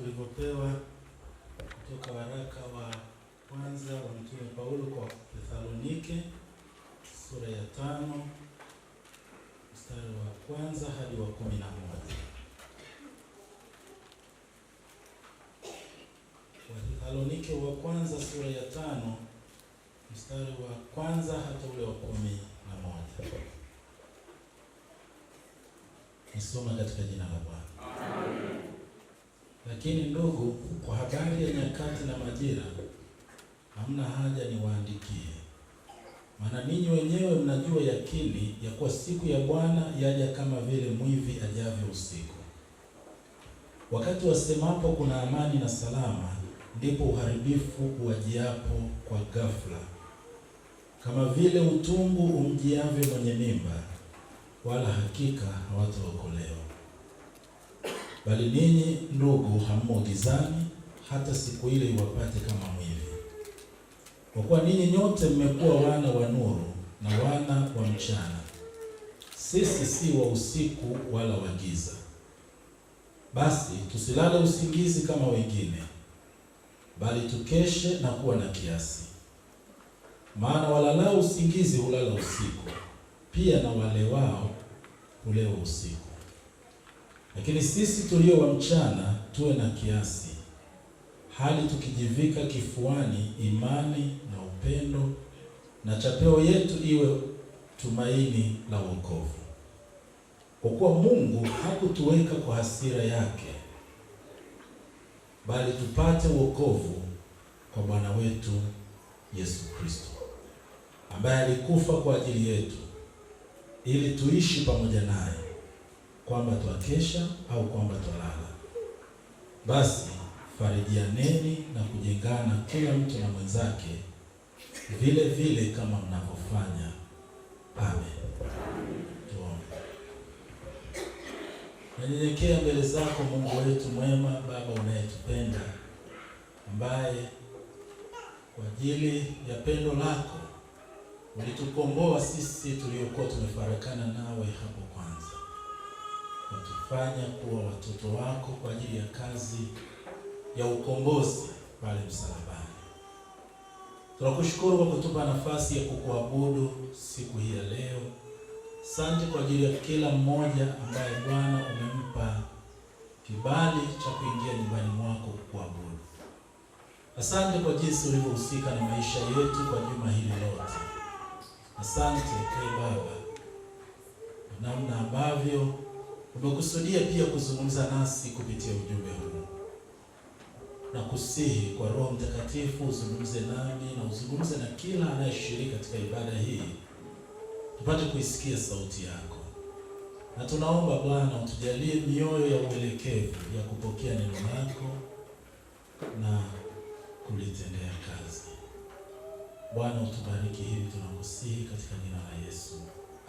tulivyopewa kutoka waraka wa kwanza wa Mtume Paulo kwa Thesalonike sura ya tano mstari wa kwanza hadi wa kumi na moja. Wathesalonike wa kwanza sura ya tano mstari wa kwanza hata ule wa kumi na moja. Nisoma katika jina la Bwana. Amen. Lakini ndugu, kwa habari ya nyakati na majira, hamna haja niwaandikie, maana ninyi wenyewe mnajua yakini ya kuwa siku ya Bwana yaja kama vile mwivi ajavyo usiku. Wakati wasemapo kuna amani na salama, ndipo uharibifu uwajiapo kwa ghafla, kama vile utungu umjiavyo mwenye mimba, wala hakika hawataokolewa bali ninyi ndugu, hammo gizani, hata siku ile iwapate kama mwivi. Kwa kuwa ninyi nyote mmekuwa wana wa nuru na wana wa mchana. Sisi si wa usiku wala wa giza. Basi tusilale usingizi kama wengine, bali tukeshe na kuwa na kiasi. Maana walalao usingizi hulala usiku, pia na wale wao hulewa usiku. Lakini sisi tulio wa mchana tuwe na kiasi, hali tukijivika kifuani imani na upendo, na chapeo yetu iwe tumaini la wokovu. Kwa kuwa Mungu hakutuweka kwa hasira yake, bali tupate wokovu kwa Bwana wetu Yesu Kristo, ambaye alikufa kwa ajili yetu ili tuishi pamoja naye kwamba twakesha au kwamba twalala, basi farijianeni na kujengana kila mtu na mwenzake vile vile kama mnavyofanya. Amen. Tuombe. Nanyenyekea mbele zako Mungu wetu mwema, Baba unayetupenda, ambaye kwa ajili ya pendo lako ulitukomboa sisi tuliokuwa tumefarakana nawe hapo kufanya kuwa watoto wako kwa ajili ya kazi ya ukombozi pale msalabani. Tunakushukuru kwa kutupa nafasi ya kukuabudu siku hii ya leo. Asante kwa ajili ya kila mmoja ambaye Bwana umempa kibali cha kuingia nyumbani mwako kukuabudu. Asante kwa jinsi ulivyohusika na maisha yetu kwa juma hili lote. Asante ee Baba, namna ambavyo umekusudia pia kuzungumza nasi kupitia ujumbe huu, na kusihi kwa Roho Mtakatifu uzungumze nami na uzungumze na kila anayeshiriki katika ibada hii, tupate kuisikia sauti yako, na tunaomba Bwana utujalie mioyo ya uelekevu ya kupokea neno lako na kulitendea kazi. Bwana utubariki hivi tunakusihi katika jina la Yesu,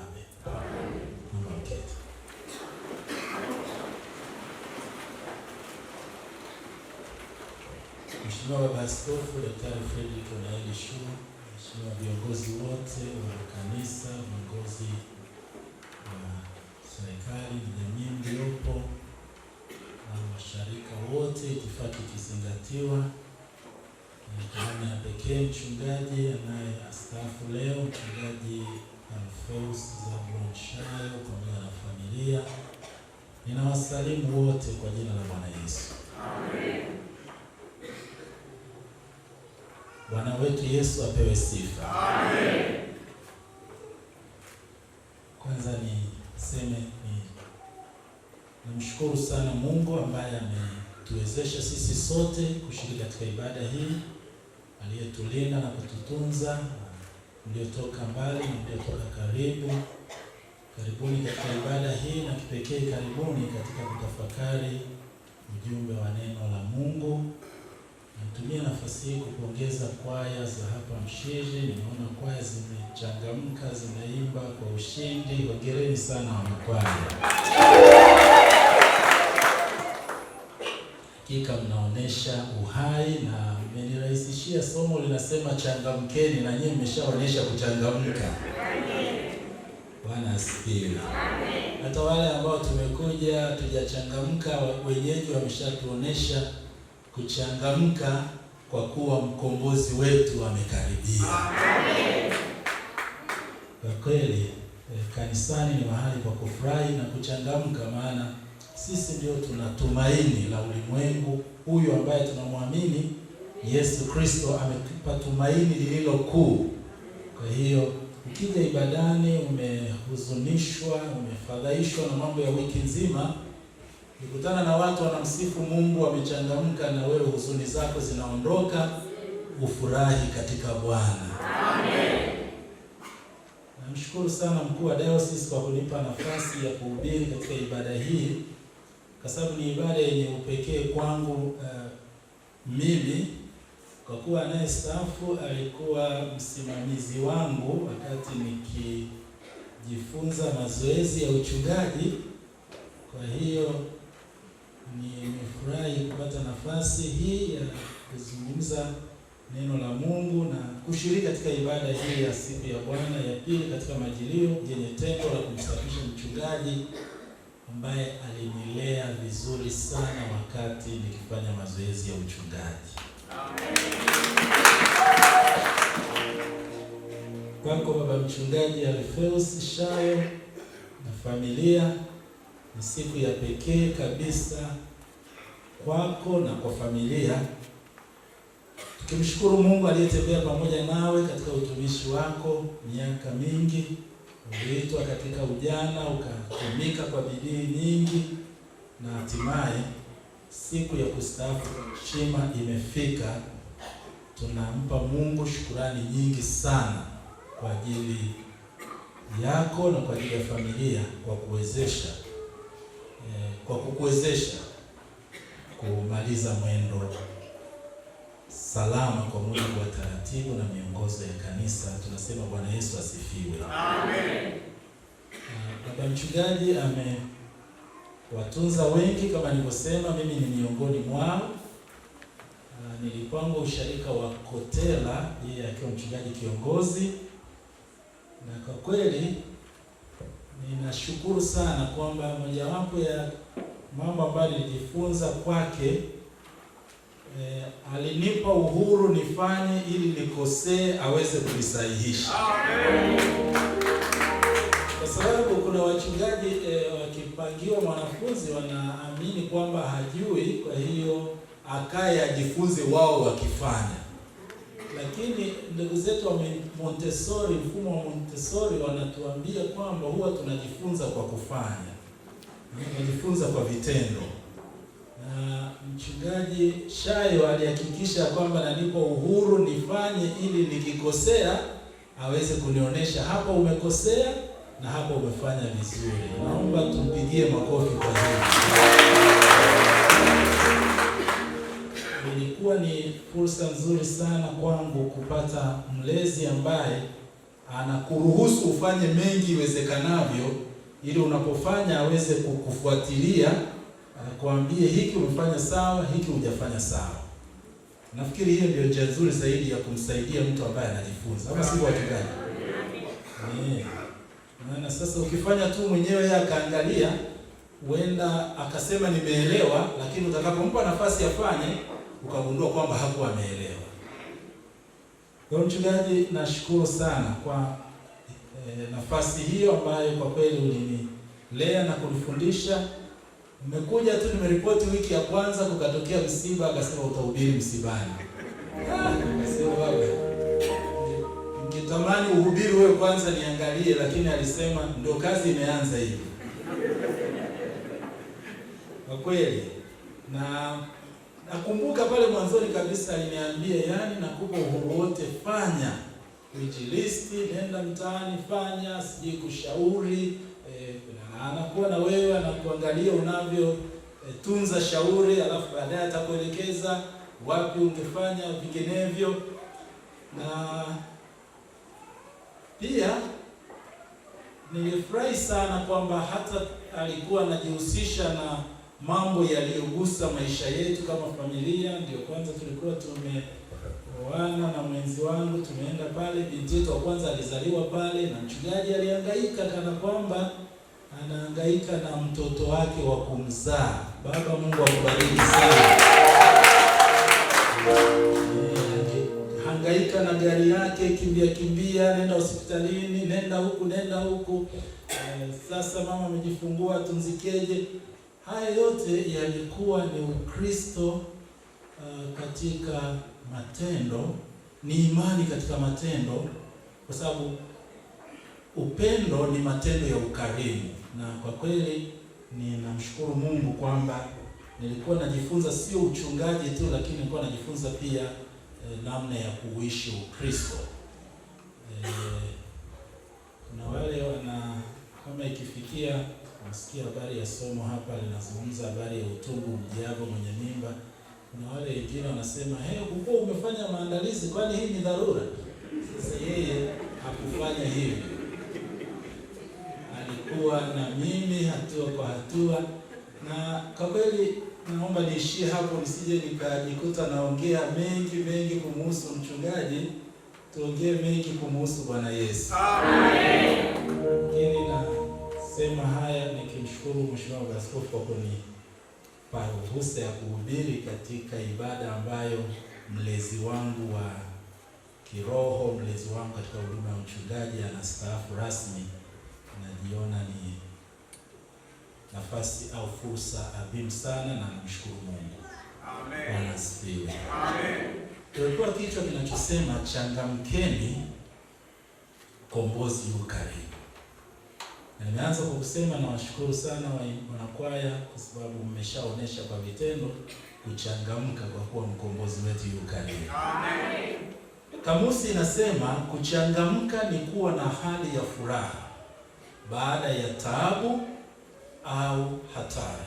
amen. Amen. Amen. Mheshimiwa Baba Askofu Daktari Fredrick Onaeli Shuu, Mheshimiwa viongozi wote wa kanisa, viongozi wa serikali, jamii mliopo na washarika wote, itifaki ikizingatiwa. Namna ya pekee mchungaji anaye astaafu leo, mchungaji Alfeus Zabonshayo pamoja na familia Ninawasalimu wote kwa jina la Bwana Yesu. Amen. Bwana wetu Yesu apewe sifa. Amen. Kwanza niseme ni namshukuru sana Mungu ambaye ametuwezesha sisi sote kushiriki katika ibada hii, aliyetulinda na kututunza, mliotoka mbali na mliotoka karibu Karibuni katika ibada hii na kipekee karibuni katika kutafakari ujumbe wa neno la Mungu. Natumia nafasi hii kupongeza kwaya za hapa Mshiri. Nimeona kwaya zimechangamka, zimeimba kwa ushindi. Hongereni sana wanakwaya, hakika mnaonesha uhai na mmenirahisishia somo linasema changamkeni, na nyinyi mmeshaonesha kuchangamka. Bwana asifiwe. Hata wale ambao tumekuja tujachangamka, wenyeji wameshatuonesha kuchangamka kwa kuwa mkombozi wetu amekaribia. Kwa kweli eh, kanisani ni mahali pa kufurahi na kuchangamka, maana sisi ndio tuna tumaini la ulimwengu huyu ambaye tunamwamini Yesu Kristo ametupa tumaini lililo kuu. Kwa hiyo ukija ibadani umehuzunishwa, umefadhaishwa na mambo ya wiki nzima, ukikutana na watu wanamsifu Mungu wamechangamka, na wewe huzuni zako zinaondoka, ufurahi katika Bwana. Amen. Namshukuru sana mkuu wa diocese kwa kunipa nafasi ya kuhubiri katika ibada hii, kwa sababu ni ibada yenye upekee kwangu uh, mimi kwa kuwa stafu alikuwa msimamizi wangu wakati nikijifunza mazoezi ya uchungaji. Kwa hiyo nimefurahi kupata nafasi hii ya kuzungumza neno la Mungu na kushiriki katika ibada hii ya siku ya Bwana ya pili katika Majilio yenye tendo la kumsafisha mchungaji ambaye alinilea vizuri sana wakati nikifanya mazoezi ya uchungaji. Kwako baba mchungaji Alfeus Shayo na familia, ni siku ya pekee kabisa kwako na kwa familia, tukimshukuru Mungu aliyetembea pamoja nawe katika utumishi wako miaka mingi. Uliitwa katika ujana ukatumika kwa bidii nyingi na hatimaye siku ya kustaafu Chima imefika, tunampa Mungu shukurani nyingi sana kwa ajili yako na kwa ajili ya familia kwa kuwezesha eh, kwa kukuwezesha kumaliza mwendo salama kwa mujibu wa taratibu na miongozo ya kanisa. Tunasema Bwana Yesu asifiwe, amen. Ah, baba mchungaji ame watunza wengi kama nilivyosema, mimi ni miongoni mwao. Ah, Nilipangwa usharika wa Kotela, yeye akiwa mchungaji kiongozi, na kwa kweli ninashukuru sana kwamba mojawapo ya mambo ambayo nilijifunza kwake E, alinipa uhuru nifanye ili nikosee aweze kunisahihisha. Amen sababu kuna wachungaji e, wakipangiwa mwanafunzi wanaamini kwamba hajui, kwa hiyo akaye ajifunze wao wakifanya. Lakini ndugu zetu wa Montessori, mfumo wa Montessori wanatuambia kwamba huwa tunajifunza kwa kufanya, tunajifunza kwa vitendo, na mchungaji Shayo alihakikisha kwamba nalipo uhuru nifanye, ili nikikosea aweze kunionyesha hapa umekosea na hapo umefanya vizuri. Naomba tumpigie makofi kwa ilikuwa ni fursa nzuri sana kwangu kupata mlezi ambaye anakuruhusu ufanye mengi iwezekanavyo, ili unapofanya aweze kukufuatilia, akwambie, eh, hiki umefanya sawa, hiki hujafanya sawa. Nafikiri hiyo ndio njia nzuri zaidi ya kumsaidia mtu ambaye anajifunza, ama sivyo, wachungaji? Unaona, sasa ukifanya tu mwenyewe yeye akaangalia, huenda akasema nimeelewa, lakini utakapompa nafasi afanye ukagundua kwamba hakuwa ameelewa. Kwa mchungaji, nashukuru sana kwa e, nafasi hiyo ambayo kwa kweli ulinilea na kunifundisha. Nimekuja tu nimeripoti wiki ya kwanza kukatokea msiba, akasema utahubiri msibani. Ah, Ningetamani uhubiri wewe kwanza niangalie, lakini alisema ndo kazi imeanza hivi. Kwa kweli na nakumbuka pale mwanzoni kabisa aliniambia, yani nakupa uhuru wote, fanya wijilisti, nenda mtaani, fanya sijui kushauri e, anakuwa na wewe anakuangalia unavyo e, tunza shauri, alafu baadaye atakuelekeza wapi ungefanya vinginevyo na pia nilifurahi sana kwamba hata alikuwa anajihusisha na mambo yaliyogusa maisha yetu kama familia. Ndio kwanza tulikuwa tumeoana na mwenzi wangu, tumeenda pale, binti yetu wa kwanza alizaliwa pale, na mchungaji alihangaika kana kwamba anahangaika na mtoto wake wa kumzaa. Baba Mungu akubariki sana yake, kimbia kimbia, nenda hospitalini, nenda huku, nenda huku. Eh, sasa mama amejifungua tunzikeje? Haya yote yalikuwa ni Ukristo uh, katika matendo, ni imani katika matendo, kwa sababu upendo ni matendo ya ukarimu. Na kwa kweli ninamshukuru Mungu kwamba nilikuwa najifunza sio uchungaji tu, lakini nilikuwa najifunza pia Eh, namna ya kuishi Ukristo. E, wale wana kama ikifikia nasikia habari ya somo hapa linazungumza habari ya utungu mjago mwenye mimba. Kuna wale wengine wanasema ukukuwa hey, umefanya maandalizi, kwani hii ni dharura? Sasa yeye hakufanya hivyo, alikuwa na mimi hatua kwa hatua, na kwa kweli naomba niishie hapo nisije nikajikuta naongea mengi mengi kumuhusu mchungaji, tuongee mengi kumuhusu Bwana Yesu. Amen. Lakini nasema haya nikimshukuru Mheshimiwa Askofu kwa kunipa ruhusa ya kuhubiri katika ibada ambayo mlezi wangu wa kiroho, mlezi wangu katika huduma ya mchungaji anastaafu rasmi, najiona ni nafasi au fursa adhimu sana, na namshukuru Mungu. Bwana asifiwe. Tulikuwa kichwa kinachosema changamkeni, kombozi yu karibu. Nimeanza kwa kusema nawashukuru sana wanakwaya kwa sababu mmeshaonesha kwa vitendo kuchangamka kwa kuwa mkombozi wetu yu karibu. Kamusi inasema kuchangamka ni kuwa na hali ya furaha baada ya taabu au hatari.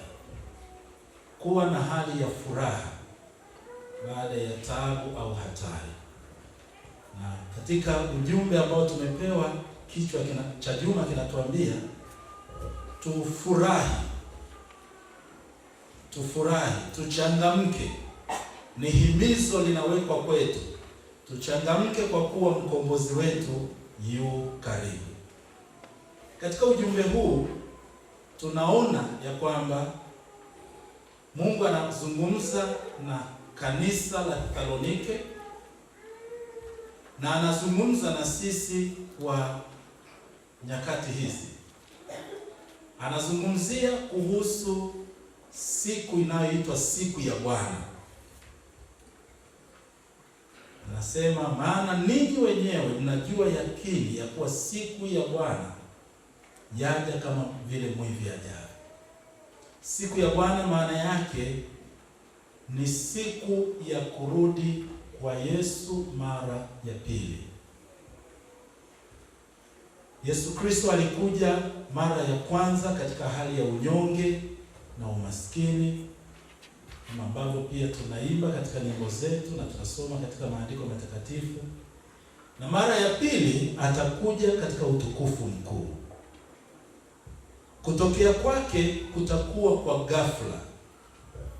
Kuwa na hali ya furaha baada ya taabu au hatari. Na katika ujumbe ambao tumepewa, kichwa cha juma kinatuambia tufurahi, tufurahi, tuchangamke. Ni himizo linawekwa kwetu, tuchangamke kwa kuwa mkombozi wetu yu karibu. Katika ujumbe huu tunaona ya kwamba Mungu anazungumza na kanisa la Thesalonike na anazungumza na sisi kwa nyakati hizi. Anazungumzia kuhusu siku inayoitwa siku ya Bwana. Anasema, maana ninyi wenyewe mnajua yakini ya kuwa siku ya Bwana yaja kama vile mwivi ajavyo. Siku ya Bwana maana yake ni siku ya kurudi kwa Yesu mara ya pili. Yesu Kristo alikuja mara ya kwanza katika hali ya unyonge na umaskini, ambavyo pia tunaimba katika nyimbo zetu na tunasoma katika maandiko matakatifu, na mara ya pili atakuja katika utukufu mkuu. Kutokea kwake kutakuwa kwa ghafla,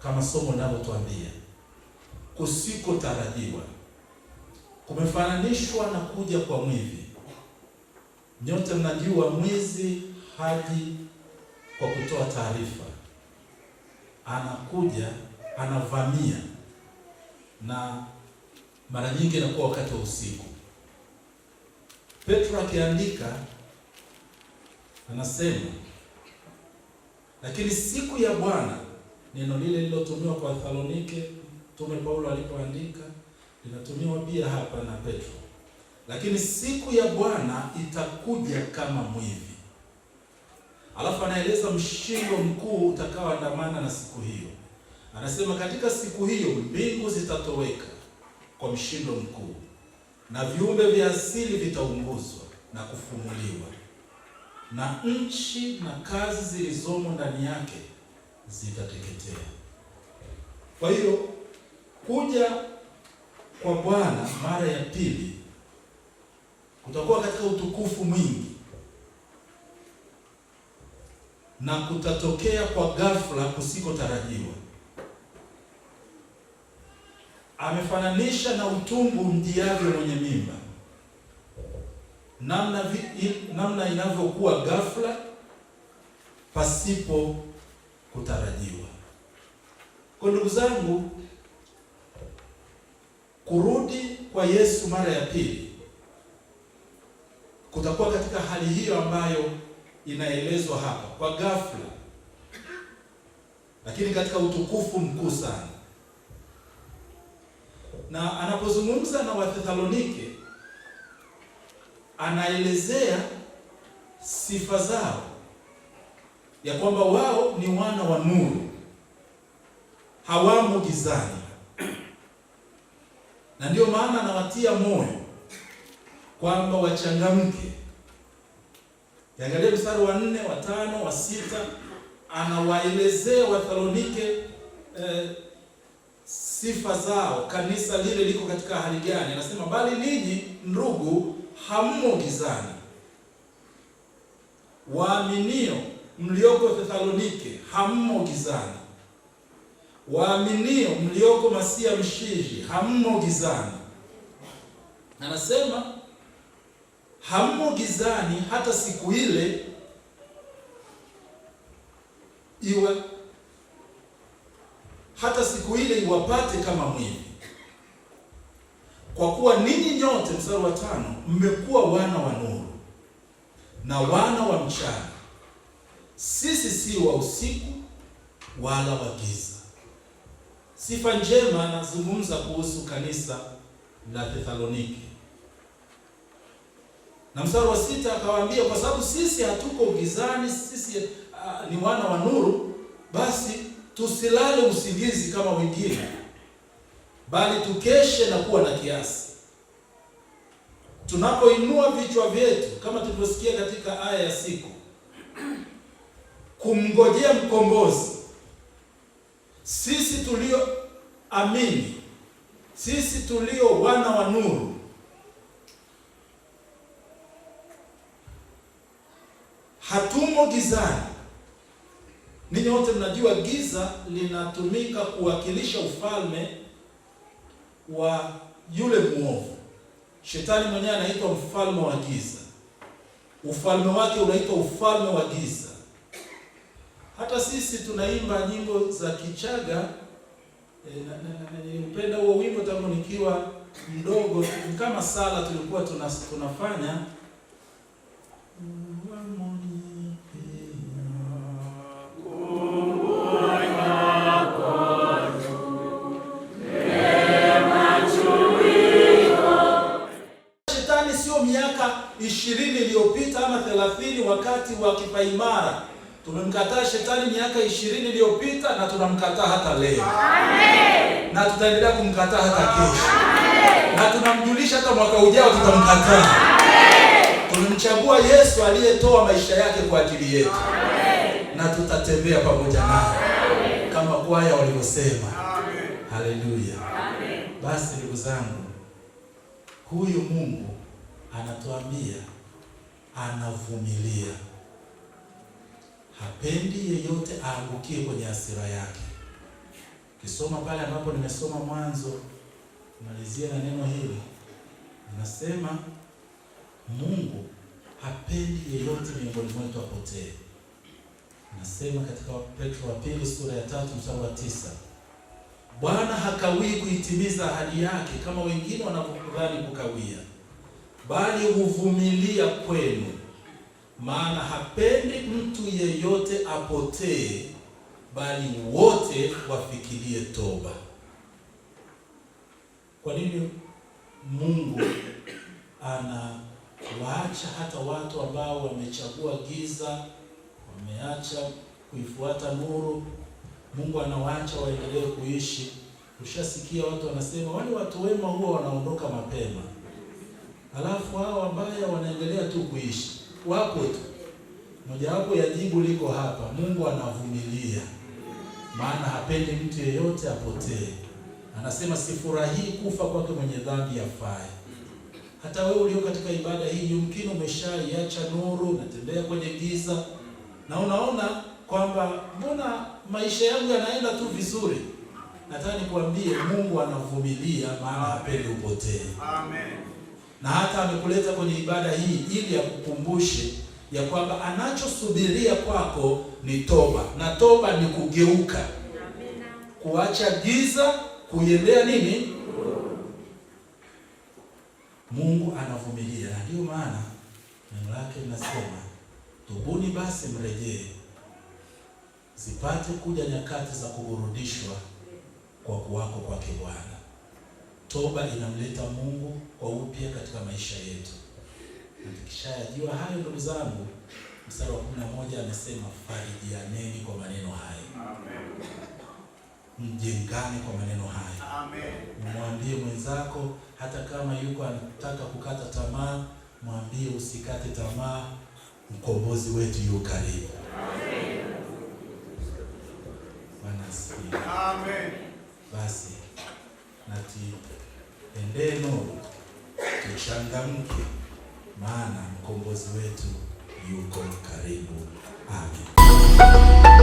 kama somo linavyotuambia, kusikotarajiwa. Kumefananishwa na kuja kwa mwizi. Nyote mnajua mwizi haji kwa kutoa taarifa, anakuja anavamia, na mara nyingi inakuwa wakati wa usiku. Petro akiandika anasema lakini siku ya Bwana, neno lile lilotumiwa kwa thalonike Mtume Paulo alipoandika, linatumiwa pia hapa na Petro. Lakini siku ya Bwana itakuja kama mwivi. Alafu anaeleza mshindo mkuu utakaoandamana na siku hiyo. Anasema katika siku hiyo mbingu zitatoweka kwa mshindo mkuu na viumbe vya asili vitaunguzwa na kufumuliwa, na nchi na kazi zilizomo ndani yake zitateketea. Kwa hiyo kuja kwa Bwana mara ya pili kutakuwa katika utukufu mwingi na kutatokea kwa ghafla kusikotarajiwa. Amefananisha na utungu mjiavyo mwenye mimba namna namna inavyokuwa ghafla pasipo kutarajiwa. Kwa ndugu zangu, kurudi kwa Yesu mara ya pili kutakuwa katika hali hiyo ambayo inaelezwa hapa kwa ghafla, lakini katika utukufu mkuu sana. Na anapozungumza na Wathesalonike anaelezea sifa zao ya kwamba wao ni wana wa nuru, hawamo gizani, na ndiyo maana anawatia moyo kwamba wachangamke. Kiangalia mstari wa nne, wa tano, wa sita, anawaelezea Wathesalonike eh, sifa zao, kanisa lile liko katika hali gani. Anasema bali ninyi ndugu hammo gizani. Waaminio mlioko Thesalonike hammo gizani. Waaminio mlioko Masia Mshishi hammo gizani. Anasema hammo gizani hata siku ile iwe hata siku ile iwapate kama mwivi kwa kuwa ninyi nyote, mstari wa tano, mmekuwa wana wa nuru na wana wa mchana, sisi si wa usiku wala wa giza. Sifa njema anazungumza kuhusu kanisa la Thesalonike, na mstari wa sita akawaambia, kwa sababu sisi hatuko gizani, sisi uh, ni wana wa nuru, basi tusilale usingizi kama wengine bali tukeshe na kuwa na kiasi. Tunapoinua vichwa vyetu kama tulivyosikia katika aya ya siku, kumngojea mkombozi, sisi tulio amini sisi tulio wana wa nuru, hatumo gizani. Ninyi wote mnajua giza linatumika kuwakilisha ufalme wa yule mwovu. Shetani mwenyewe anaitwa mfalme wa giza, ufalme wake unaitwa ufalme wa giza. Hata sisi tunaimba nyimbo za Kichaga eh, upenda huo wimbo tangu nikiwa mdogo, kama sala tulikuwa tunafanya wakati wa kipaimara. Tumemkataa shetani miaka ishirini iliyopita na tunamkataa hata leo. Amen. Na tutaendelea kumkataa hata kesho. Amen. Na tunamjulisha hata mwaka ujao tutamkataa. Tumemchagua Yesu aliyetoa maisha yake kwa ajili yetu. Amen. Na tutatembea pamoja naye kama kwaya walivyosema. Haleluya. Basi ndugu zangu, huyu Mungu anatuambia anavumilia, hapendi yeyote aangukie kwenye hasira yake. Ukisoma pale ambapo nimesoma mwanzo, malizia na neno hili, anasema Mungu hapendi yeyote miongoni mwetu apotee. Anasema katika Petro wa pili sura ya tatu mstari wa tisa Bwana hakawii kuitimiza ahadi yake kama wengine wanavyokudhani kukawia bali huvumilia kwenu, maana hapendi mtu yeyote apotee, bali wote wafikirie toba. Kwa nini Mungu anawaacha hata watu ambao wamechagua giza, wameacha kuifuata nuru? Mungu anawaacha waendelee kuishi. Ushasikia watu wanasema wale watu wema huwa wanaondoka mapema Halafu hao ambao wanaendelea tu kuishi wapo tu. Mojawapo ya jibu liko hapa, Mungu anavumilia, maana hapendi mtu yeyote apotee. Anasema sifurahii kufa kwake mwenye dhambi afae. Hata wewe ulio katika ibada hii, yumkini umeshaiacha nuru, unatembea kwenye giza na unaona kwamba mbona maisha yangu yanaenda tu vizuri. Nataka nikwambie Mungu anavumilia, maana hapendi upotee. Amen na hata amekuleta kwenye ibada hii ili akukumbushe ya kwamba anachosubiria kwako ni toba, na toba ni kugeuka, kuacha giza, kuiendea nini? Mungu anavumilia, na ndiyo maana neno lake linasema tubuni basi mrejee, zipate kuja nyakati za kuburudishwa kwa kuwako kwake Bwana. Toba inamleta Mungu kwa upya katika maisha yetu. Tukishayajua hayo, ndugu zangu, mstari wa 11 amesema farijianeni kwa maneno hayo, mjengane kwa maneno hayo. Mwambie mwenzako, hata kama yuko anataka kukata tamaa, mwambie usikate tamaa, mkombozi wetu yu karibu. Amen. Basi na endeno tuchangamke, maana mkombozi wetu yuko karibu. Amen.